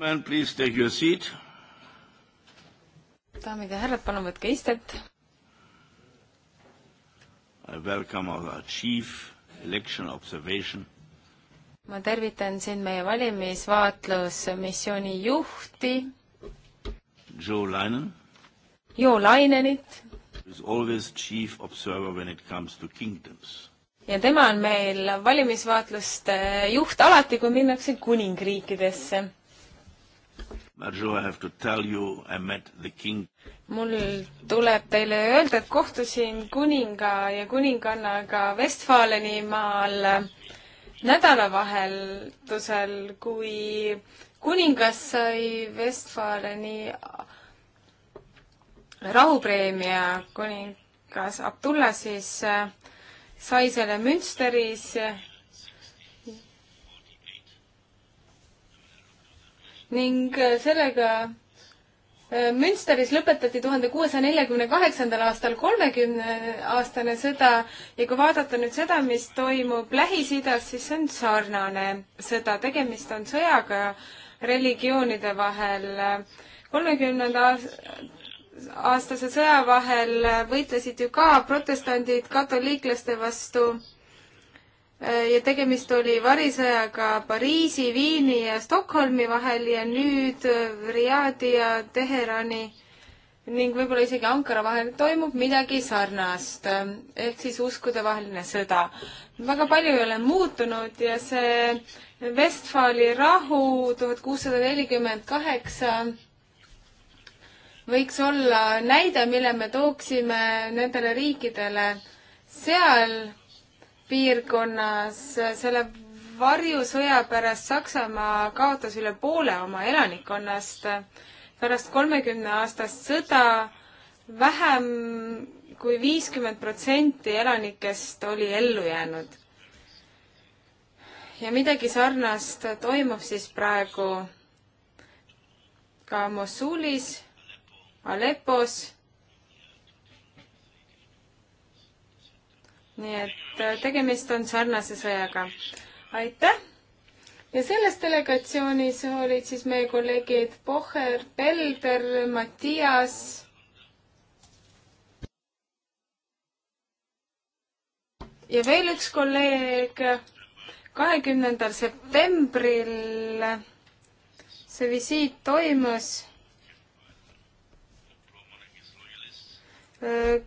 Please take your seat. daamid ja härrad, palun võtke istet. I welcome our chief election observation. ma tervitan siin meie valimisvaatlusmissiooni juhti. Joe Lainen. Joe Lainenit. Who is always chief observer when it comes to kingdoms ja tema on meil valimisvaatluste juht alati, kui minnakse kuningriikidesse Marjo, I have to tell you, I met the king. mul tuleb teile öelda, et kohtusin kuninga ja kuningannaga Westfaleni maal nädalavahetusel, kui kuningas sai Westfaleni rahupreemia, kuningas Abdullah siis äh, sai selle Münsteris ning äh, sellega äh, Münsteris lõpetati tuhande kuuesaja neljakümne kaheksandal aastal kolmekümneaastane sõda ja kui vaadata nüüd seda, mis toimub Lähis-Idas, siis see on sarnane sõda, tegemist on sõjaga religioonide vahel. kolmekümnenda aastase sõja vahel võitlesid ju ka protestandid katoliiklaste vastu Äh, ja tegemist oli varisõjaga Pariisi, Viini ja Stockholmi vahel ja nüüd äh, Riadi ja Teherani ning võib-olla isegi Ankara vahel toimub midagi sarnast, äh, ehk siis uskudevaheline sõda. väga palju ei ole muutunud ja see Vestfaali rahu tuhat kuussada nelikümmend kaheksa võiks olla näide, mille me tooksime nendele riikidele seal piirkonnas selle varjusõja pärast Saksamaa kaotas üle poole oma elanikkonnast. pärast kolmekümne aastast sõda vähem kui viiskümmend protsenti elanikest oli ellu jäänud. ja midagi sarnast toimub siis praegu ka Mosulis, Aleppos nii et äh, tegemist on sarnase sõjaga. aitäh! ja selles delegatsioonis olid siis meie kolleegid Poher, Pelder, Mattias. ja veel üks kolleeg kahekümnendal septembril see visiit toimus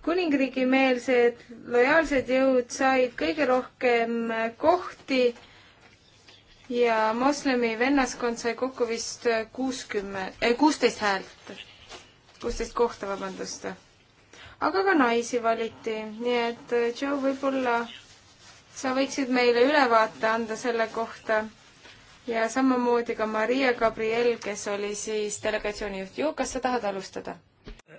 kuningriigi meelsed lojaalsed jõud said kõige rohkem kohti ja moslemi vennaskond sai kokku vist kuuskümmend, eh, kuusteist häält, kuusteist kohta, vabandust. aga ka naisi valiti, nii et eh, Joe, võib-olla sa võiksid meile ülevaate anda selle kohta ja samamoodi ka Maria Gabriel, kes oli siis delegatsiooni juht. Joe, kas sa tahad alustada?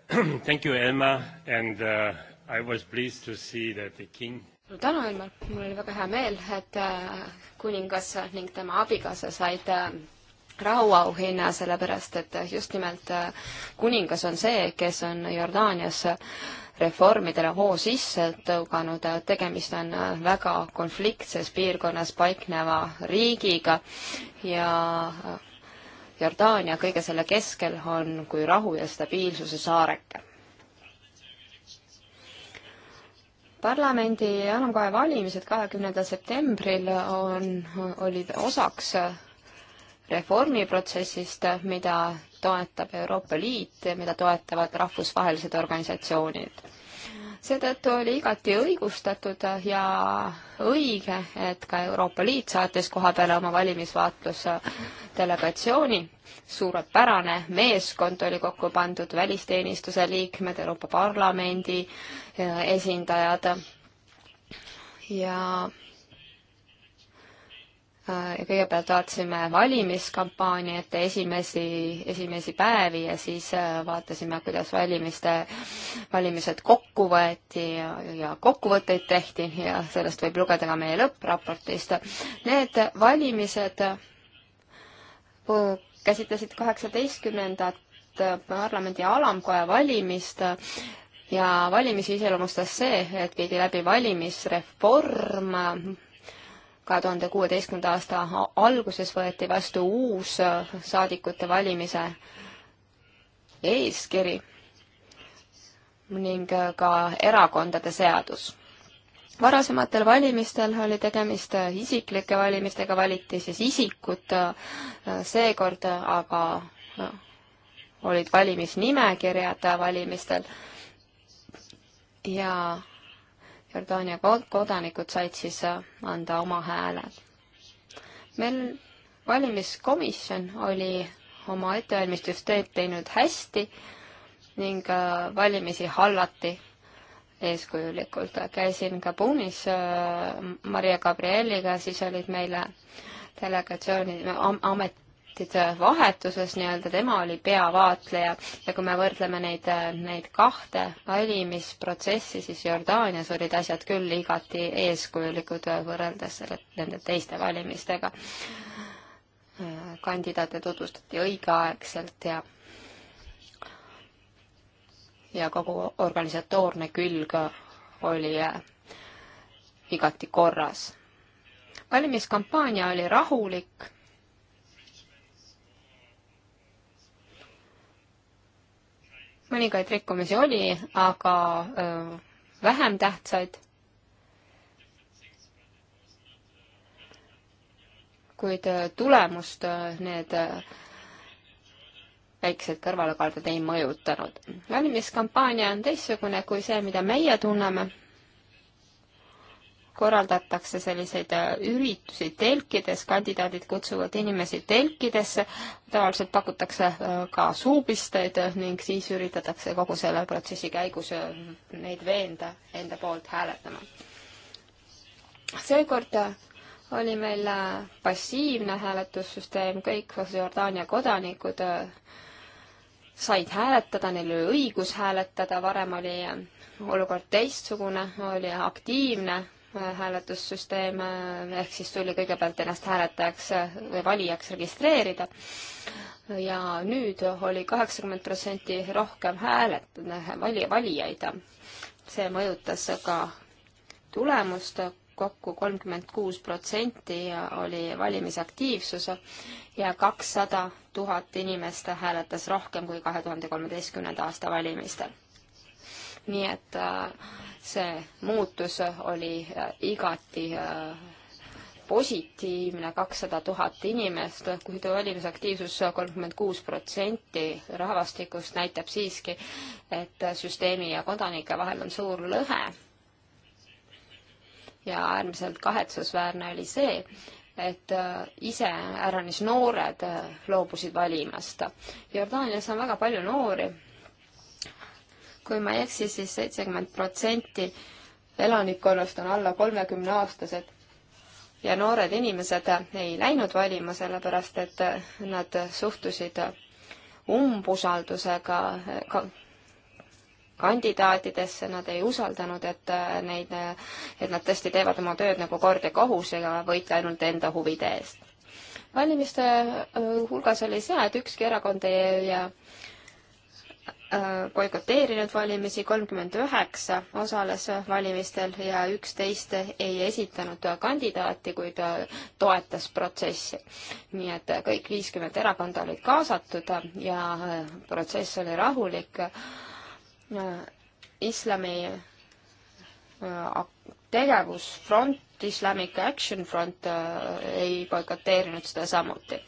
Thank you, Elma, and uh, I was pleased to see that the king suur tänu, Elmar, mul oli väga hea meel, et äh, kuningas ning tema abikaasa said äh, rahuauhinna, sellepärast et äh, just nimelt kuningas on see, kes on Jordaanias reformidele hoo sisse tõuganud, tegemist on väga konfliktses piirkonnas paikneva riigiga ja Jordaania kõige selle keskel on kui rahu ja stabiilsuse saareke. parlamendi enamkohe valimised kahekümnendal septembril on, olid osaks reformiprotsessist, mida toetab Euroopa Liit ja mida toetavad rahvusvahelised organisatsioonid seetõttu oli igati õigustatud ja õige, et ka Euroopa Liit saatis koha peale oma valimisvaatluse delegatsiooni. suurepärane meeskond oli kokku pandud, välisteenistuse liikmed, Euroopa Parlamendi äh, esindajad ja äh, ja kõigepealt vaatasime valimiskampaaniate esimesi, esimesi päevi ja siis äh, vaatasime, kuidas valimiste, valimised kokku võeti ja, ja kokkuvõtteid tehti ja sellest võib lugeda ka meie lõppraportist. Need valimised käsitlesid kaheksateistkümnendat äh, parlamendi alamkoja valimist äh, ja valimisi iseloomustas see, et viidi läbi valimisreform, kahe tuhande kuueteistkümnenda aasta alguses võeti vastu uus äh, saadikute valimise eeskiri ning ka erakondade seadus varasematel valimistel oli tegemist äh, isiklike valimistega, valiti siis isikud, äh, seekord äh, aga no, olid valimisnimekirjad valimistel ja Jordaania kodanikud said siis anda oma hääle. meil valimiskomisjon oli oma ettevalmistusteed teinud hästi ning valimisi hallati eeskujulikult. käisin Kabunis äh, Maria Gabrieliga, siis olid meile delegatsiooni am, amet, projektide vahetuses nii-öelda, tema oli peavaatleja ja kui me võrdleme neid, neid kahte valimisprotsessi, siis Jordaanias olid asjad küll igati eeskujulikud võrreldes selle, nende teiste valimistega. Äh, kandidaate tutvustati õigeaegselt ja ja kogu organisatoorne külg oli äh, igati korras. valimiskampaania oli rahulik. mõningaid rikkumisi oli, aga öö, äh, vähem tähtsaid. kuid äh, tulemust need öö, väikesed kõrvalekalded ei mõjutanud. valimiskampaania on teistsugune kui see, mida meie tunneme. korraldatakse selliseid äh, üritusi telkides, kandidaadid kutsuvad inimesi telkidesse, tavaliselt pakutakse äh, ka suupisteid äh, ning siis üritatakse kogu selle protsessi käigus neid veenda enda poolt hääletama. seekord oli meil passiivne hääletussüsteem, kõik Jordaania kodanikud said hääletada, neil oli õigus hääletada, varem oli olukord teistsugune, oli aktiivne äh, hääletussüsteem, äh, ehk siis tuli kõigepealt ennast hääletajaks äh, või valijaks registreerida ja nüüd oli kaheksakümmend protsenti rohkem häälet-, vali-, valijaid. see mõjutas ka tulemust, kokku kolmkümmend kuus protsenti oli valimisaktiivsus ja kakssada tuhat inimest hääletas rohkem kui kahe tuhande kolmeteistkümnenda aasta valimistel. nii et äh, see muutus oli äh, igati äh, positiivne, kakssada tuhat inimest, kuid valimisaktiivsus kolmkümmend kuus protsenti rahvastikust näitab siiski, et süsteemi ja kodanike vahel on suur lõhe ja äärmiselt kahetsusväärne oli see, et äh, ise äranis noored äh, loobusid valimast. Jordaanias on väga palju noori. kui ma ei eksi, siis seitsekümmend protsenti elanikkonnast on alla kolmekümneaastased ja noored inimesed äh, ei läinud valima, sellepärast et nad suhtusid umbusaldusega kandidaatidesse, nad ei usaldanud, et äh, neid, äh, et nad tõesti teevad oma tööd nagu kord ja kohus ja võitle ainult enda huvide eest. valimiste äh, hulgas oli see, et ükski erakond ei boikoteerinud valimisi, kolmkümmend üheksa osales valimistel ja üksteist ei esitanud kandidaati, kuid toetas protsessi. nii et kõik viiskümmend erakonda olid kaasatud ja protsess oli rahulik Äh, islami äh, tegevusfront, Islamic Action Front äh, ei boikoteerinud seda samuti.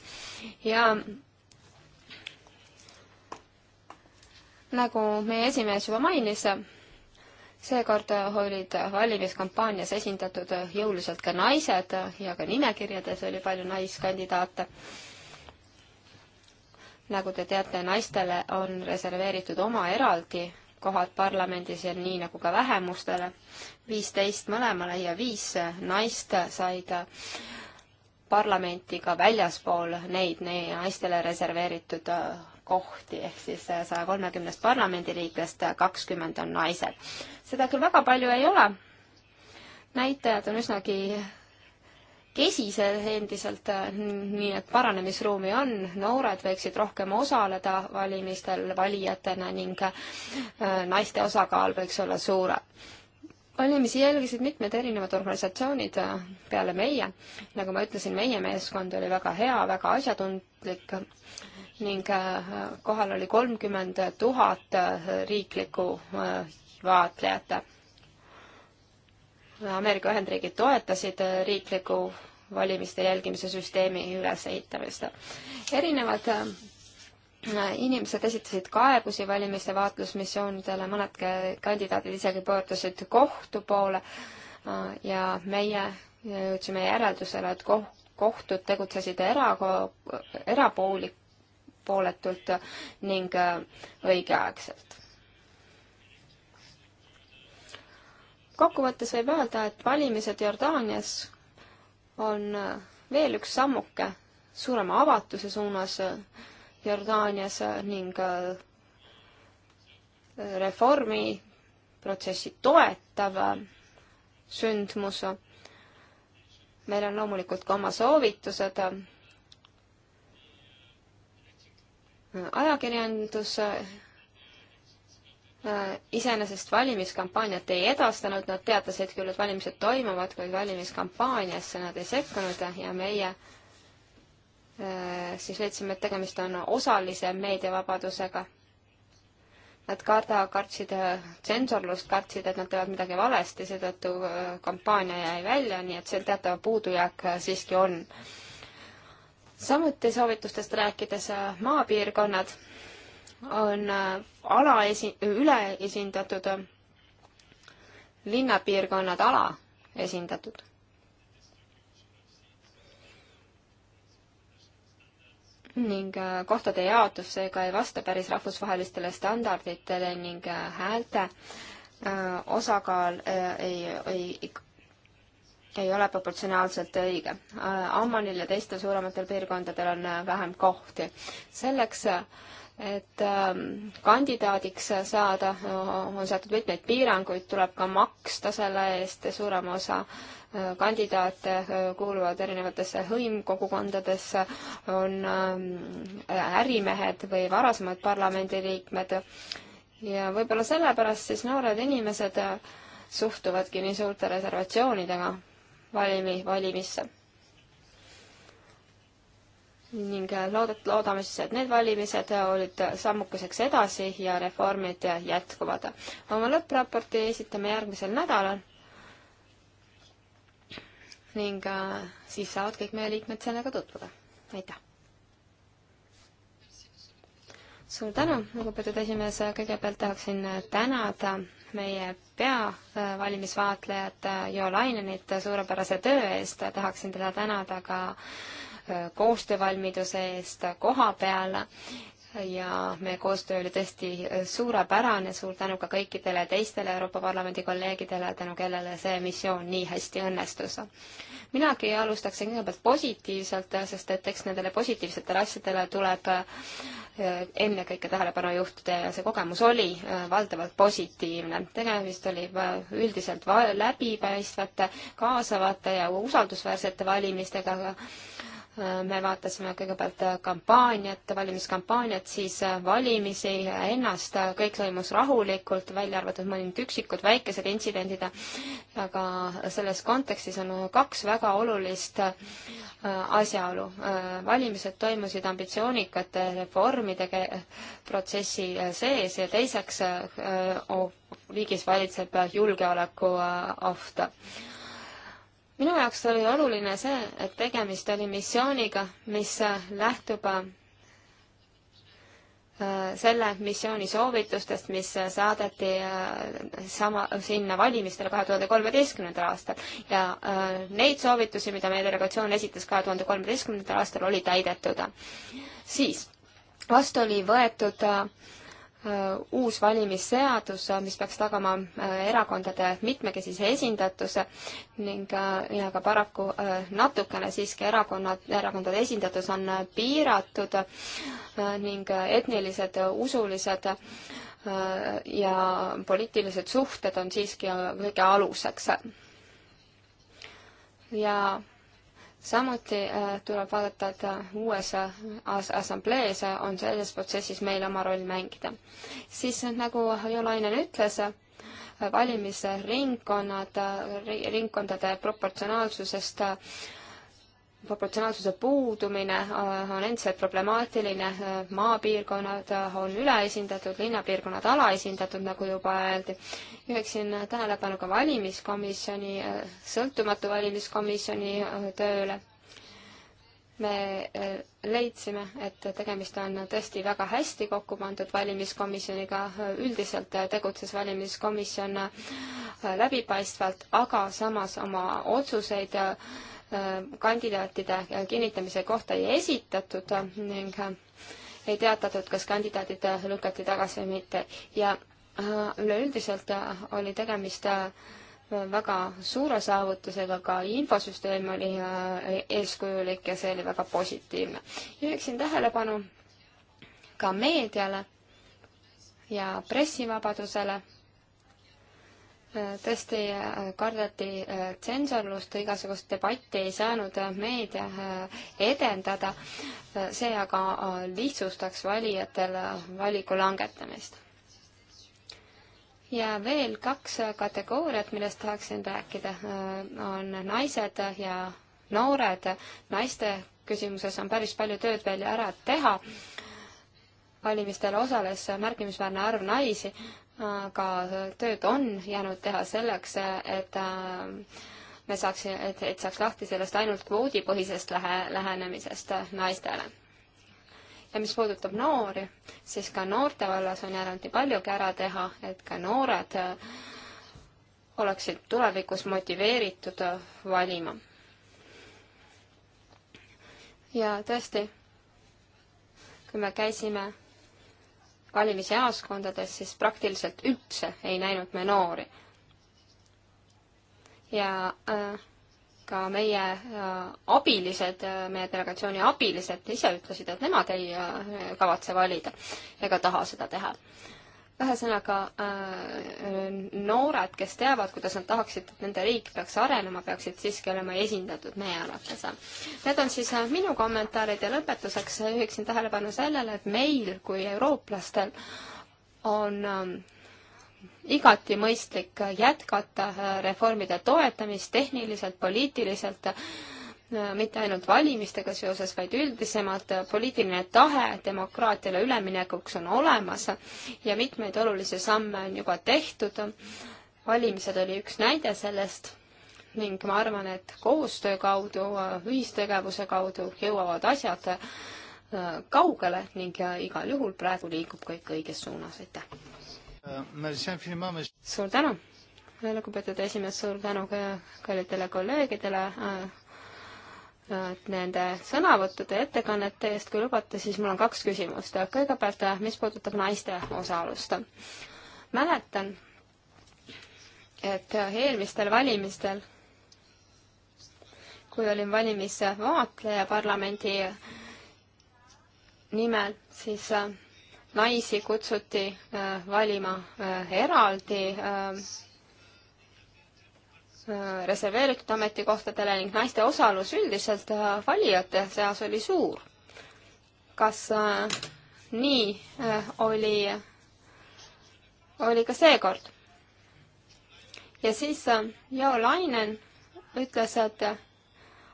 ja nagu meie esimees juba mainis, seekord olid valimiskampaanias esindatud jõuliselt ka naised ja ka nimekirjades oli palju naiskandidaate. nagu te teate, naistele on reserveeritud oma eraldi kohad parlamendis ja nii nagu ka vähemustele, viisteist mõlemale ja viis naist said parlamenti ka väljaspool neid naistele reserveeritud kohti, ehk siis saja kolmekümnest parlamendiliikmest kakskümmend on naised. seda küll väga palju ei ole, näitajad on üsnagi kesised endiselt, nii et paranemisruumi on, noored võiksid rohkem osaleda valimistel valijatena ning äh, naiste osakaal võiks olla suurem. valimisi jälgisid mitmed erinevad organisatsioonid äh, peale meie, nagu ma ütlesin, meie meeskond oli väga hea, väga asjatundlik ning äh, kohal oli kolmkümmend tuhat riiklikku vaatlejat Ameerika Ühendriigid toetasid riikliku valimiste jälgimise süsteemi ülesehitamist. erinevad äh, inimesed esitasid kaebusi valimiste vaatlusmissioonidele, mõned kandidaadid isegi pöördusid kohtu poole äh, ja meie jõudsime järeldusele, et koh-, kohtud tegutsesid era-, erapoolik-, pooletult ning äh, õigeaegselt kokkuvõttes võib öelda, et valimised Jordaanias on äh, veel üks sammuke suurema avatuse suunas äh, Jordaanias äh, ning reformiprotsessi toetav sündmus. meil on loomulikult ka oma soovitused. ajakirjandus Äh, iseenesest valimiskampaaniat ei edastanud, nad teatasid küll, et valimised toimuvad, kuid valimiskampaaniasse nad ei sekkunud ja meie äh, siis leidsime, et tegemist on osalise meediavabadusega. Nad karda, kartsid äh, tsensorlust, kartsid, et nad teevad midagi valesti, seetõttu kampaania jäi välja, nii et seal teatav puudujääk siiski on. samuti soovitustest rääkides maapiirkonnad on äh, alaesi-, üleesindatud, äh, linnapiirkonnad alaesindatud. ning äh, kohtade jaotus seega ei vasta päris rahvusvahelistele standarditele ning häälte osakaal ei, ei ei ole proportsionaalselt õige. Ammanil ja teistel suurematel piirkondadel on vähem kohti. selleks et ähm, kandidaadiks saada, äh, on seatud mitmeid piiranguid, tuleb ka maksta selle eest, suurem osa äh, kandidaate äh, kuuluvad erinevatesse hõimkogukondadesse, on ähm, ärimehed või varasemad parlamendiliikmed ja võib-olla sellepärast siis noored inimesed suhtuvadki nii suurte reservatsioonidega valimi, valimisse ning äh, loodet-, loodame siis, et need valimised äh, olid sammukeseks edasi ja reformid äh, jätkuvad. oma lõppraporti esitame järgmisel nädalal ning siis saavad kõik meie liikmed sellega tutvuda. aitäh! suur tänu, lugupeetud esimees, kõigepealt tahaksin tänada meie peavalimisvaatlejat Jo Lainenit suurepärase töö eest, tahaksin teda tänada ka äh, koostöövalmiduse eest koha peal ja meie koostöö oli tõesti suurepärane, suur tänu ka kõikidele teistele Euroopa Parlamendi kolleegidele, tänu kellele see missioon nii hästi õnnestus. minagi alustaksin kõigepealt positiivselt, sest et eks nendele positiivsetele asjadele tuleb eh, ennekõike tähelepanu juhtida ja see kogemus oli eh, valdavalt positiivne. tegemist oli eh, üldiselt läbipaistvate, kaasavate ja usaldusväärsete valimistega me vaatasime kõigepealt kampaaniat, valimiskampaaniat, siis valimisi ennast, kõik toimus rahulikult, välja arvatud mõned üksikud väikesed intsidendid, aga selles kontekstis on kaks väga olulist äh, asjaolu. Äh, valimised toimusid ambitsioonikate reformide protsessi äh, sees ja teiseks riigis valitseb julgeolekuoht oh, minu jaoks oli oluline see, et tegemist oli missiooniga, mis äh, lähtub äh, selle missiooni soovitustest, mis äh, saadeti sama, sinna valimistele kahe tuhande kolmeteistkümnendal aastal ja neid soovitusi, mida meie delegatsioon esitas kahe tuhande kolmeteistkümnendal aastal, oli täidetud. siis vastu oli võetud äh, Äh, uus valimisseadus, äh, mis peaks tagama äh, erakondade mitmekesise esindatuse ning, aga paraku natukene siiski erakonnad, erakondade esindatus on piiratud ning etnilised, usulised ja poliitilised suhted on siiski kõige aluseks. ja samuti äh, tuleb vaadata, et äh, uues äh, assamblees on selles protsessis meil oma roll mängida. siis nagu Jolainen ütles, valimisringkonnad, ringkondade proportsionaalsusest proportsionaalsuse puudumine äh, on endiselt problemaatiline, äh, maapiirkonnad äh, on üleesindatud, linnapiirkonnad alaesindatud, nagu juba öeldi. juhiksin tähelepanu ka valimiskomisjoni, sõltumatu valimiskomisjoni tööle. me leidsime, et tegemist on tõesti väga hästi kokku pandud valimiskomisjoniga, üldiselt tegutses valimiskomisjon läbipaistvalt, aga samas oma otsuseid Äh, kandidaatide kinnitamise kohta ei esitatud ning ei teatatud, kas kandidaadid lükati tagasi või mitte ja äh, üleüldiselt äh, oli tegemist väga suure saavutusega, ka infosüsteem oli eeskujulik ja see oli väga positiivne. juhiksin tähelepanu ka meediale ja pressivabadusele tõesti äh, kardeti äh, tsensorlust, igasugust debatti ei saanud äh, meedia edendada. see aga lihtsustaks valijatele valiku langetamist. ja veel kaks kategooriat, millest tahaksin rääkida, on naised ja noored. naiste küsimuses on päris palju tööd veel ära teha valimistel osales märkimisväärne arv naisi aga tööd on jäänud teha selleks, et äh, me saaks, et, et saaks lahti sellest ainult kvoodipõhisest lähe, lähenemisest naistele. ja mis puudutab noori, siis ka noorte vallas on jäänud nii paljugi ära teha, et ka noored äh, oleksid tulevikus motiveeritud äh, valima. ja tõesti, kui me käisime valimisjaoskondades, siis praktiliselt üldse ei näinud me noori. ja äh, ka meie äh, abilised, äh, meie delegatsiooni abilised ise ütlesid, et nemad ei äh, kavatse valida ega taha seda teha ühesõnaga äh, noored, kes teavad, kuidas nad tahaksid, et nende riik peaks arenema, peaksid siiski olema esindatud meie arvates. Need on siis äh, minu kommentaarid ja lõpetuseks juhiksin tähelepanu sellele, et meil kui eurooplastel on äh, igati mõistlik jätkata reformide toetamist tehniliselt, poliitiliselt mitte ainult valimistega seoses, vaid üldisemalt poliitiline tahe demokraatiale üleminekuks on olemas ja mitmeid olulisi samme on juba tehtud. valimised oli üks näide sellest ning ma arvan, et koostöö kaudu, ühistegevuse kaudu jõuavad asjad äh, kaugele ning äh, igal juhul praegu liigub kõik õiges suunas, aitäh! Äh, suur tänu, lugupeetud esimees, suur tänu ka kallitele kolleegidele äh,, Äh, nende sõnavõttude ja ettekannete eest. kui lubate, siis mul on kaks küsimust. kõigepealt, äh, mis puudutab naiste osalust. mäletan, et äh, eelmistel valimistel, kui olin valimisvaatleja parlamendi nimel, siis naisi kutsuti valima eraldi reserveeritud ametikohtadele ning naiste osalus üldiselt äh, valijate seas oli suur. kas äh, nii äh, oli, oli ka seekord? ja siis Jo Lainen ütles, et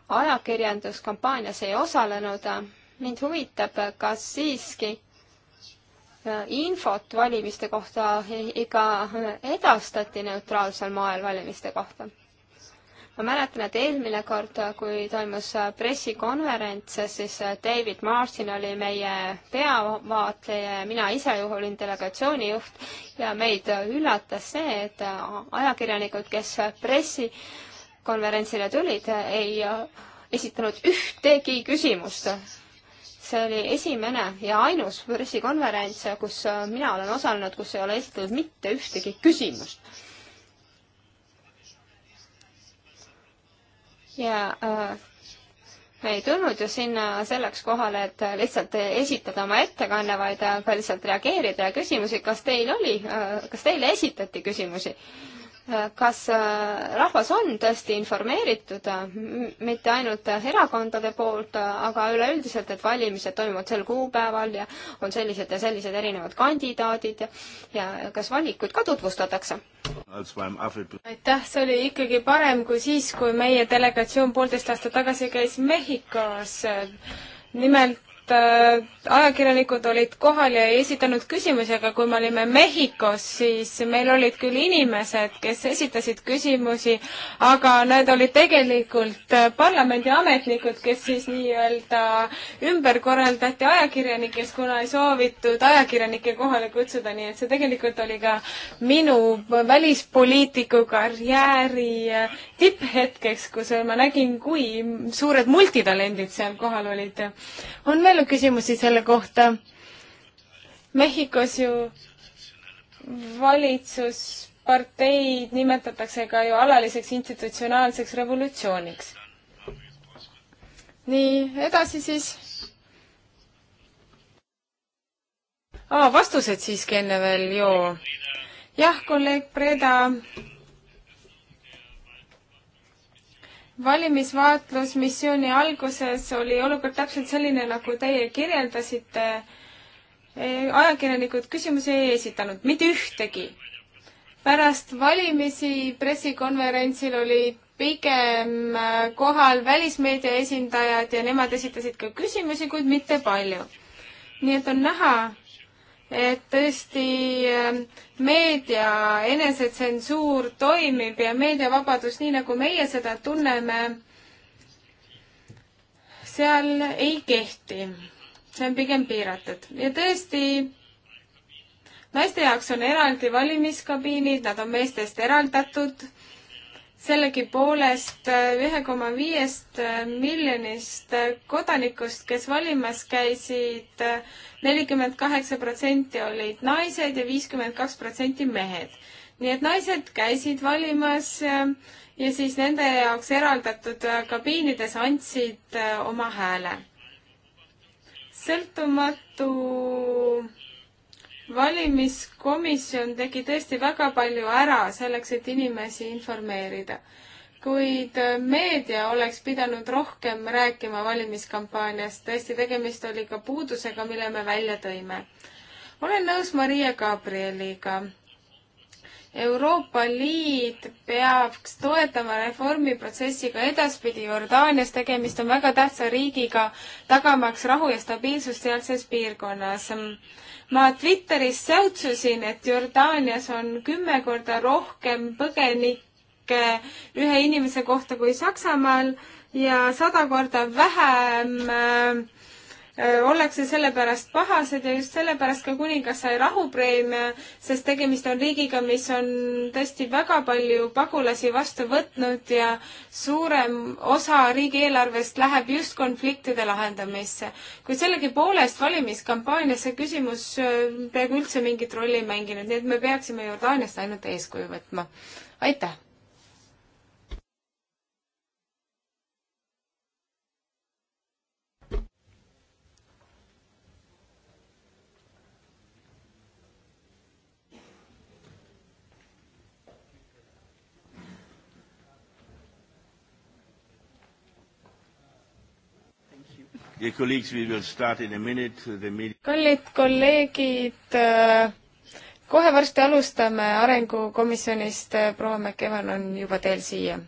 ajakirjanduskampaanias ei osalenud. mind huvitab, kas siiski infot valimiste kohta ikka edastati neutraalsel moel valimiste kohta ma mäletan, et eelmine kord, kui toimus pressikonverents, siis David Martin oli meie peavaatleja ja mina ise olin delegatsiooni juht ja meid üllatas see, et ajakirjanikud, kes pressikonverentsile tulid, ei esitanud ühtegi küsimust see oli esimene ja ainus pressikonverents, kus mina olen osalenud, kus ei ole esitatud mitte ühtegi küsimust ja äh, me ei tulnud ju sinna selleks kohale, et lihtsalt esitada oma ettekanne, vaid äh, ka lihtsalt reageerida ja küsimusi, kas teil oli, äh, kas teile esitati küsimusi? kas äh, rahvas on tõesti informeeritud, äh, mitte ainult äh, erakondade poolt, aga üleüldiselt, et valimised toimuvad sel kuupäeval ja on sellised ja sellised erinevad kandidaadid ja, ja kas valikuid ka tutvustatakse? aitäh, see oli ikkagi parem kui siis, kui meie delegatsioon poolteist aastat tagasi käis Mehhikos. nimelt et äh, ajakirjanikud olid kohal ja ei esitanud küsimusi, aga kui me olime Mehhikos, siis meil olid küll inimesed, kes esitasid küsimusi, aga need olid tegelikult äh, parlamendi ametnikud, kes siis nii-öelda ümber korraldati ajakirjanikest, kuna ei soovitud ajakirjanikke kohale kutsuda, nii et see tegelikult oli ka minu välispoliitiku karjääri äh, tipphetkeks, kus ma nägin, kui suured multitalendid seal kohal olid. on veel palju küsimusi selle kohta. Mehhikos ju valitsusparteid nimetatakse ka ju alaliseks institutsionaalseks revolutsiooniks. nii, edasi siis. aa, vastused siiski enne veel ju. jah, kolleeg Breda valimisvaatlusmissiooni alguses oli olukord täpselt selline, nagu teie kirjeldasite. E, ajakirjanikud küsimusi ei esitanud, mitte ühtegi. pärast valimisi pressikonverentsil olid pigem äh, kohal välismeedia esindajad ja nemad esitasid ka küsimusi, kuid mitte palju. nii et on näha, et tõesti ähm, meedia enesetsensuur toimib ja meediavabadus, nii nagu meie seda tunneme, seal ei kehti. see on pigem piiratud ja tõesti, naiste jaoks on eraldi valimiskabiinid, nad on meestest eraldatud sellegipoolest äh, ühe koma viiest äh, miljonist äh, kodanikust, kes valimas käisid, nelikümmend kaheksa protsenti olid naised ja viiskümmend kaks protsenti mehed. nii et naised käisid valimas ja siis nende jaoks eraldatud kabiinides andsid oma hääle. sõltumatu valimiskomisjon tegi tõesti väga palju ära selleks, et inimesi informeerida. kuid äh, meedia oleks pidanud rohkem rääkima valimiskampaaniast, tõesti tegemist oli ka puudusega, mille me välja tõime. olen nõus Maria Gabrieliga Euroopa Liit peaks toetama reformiprotsessi ka edaspidi Jordaanias, tegemist on väga tähtsa riigiga, tagamaks rahu ja stabiilsust sealses piirkonnas. ma Twitteris säutsusin, et Jordaanias on kümme korda rohkem põgenikke ühe inimese kohta kui Saksamaal ja sada korda vähem äh, ollakse selle pärast pahased ja just sellepärast ka kuningas sai rahupreemia, sest tegemist on riigiga, mis on tõesti väga palju pagulasi vastu võtnud ja suurem osa riigieelarvest läheb just konfliktide lahendamisse. kuid sellegipoolest valimiskampaanias see küsimus peaaegu üldse mingit rolli ei mänginud, nii et me peaksime Jordaaniast ainult eeskuju võtma. aitäh! kallid kolleegid, kohe varsti alustame Arengukomisjonist, proua McEvan on juba teel siia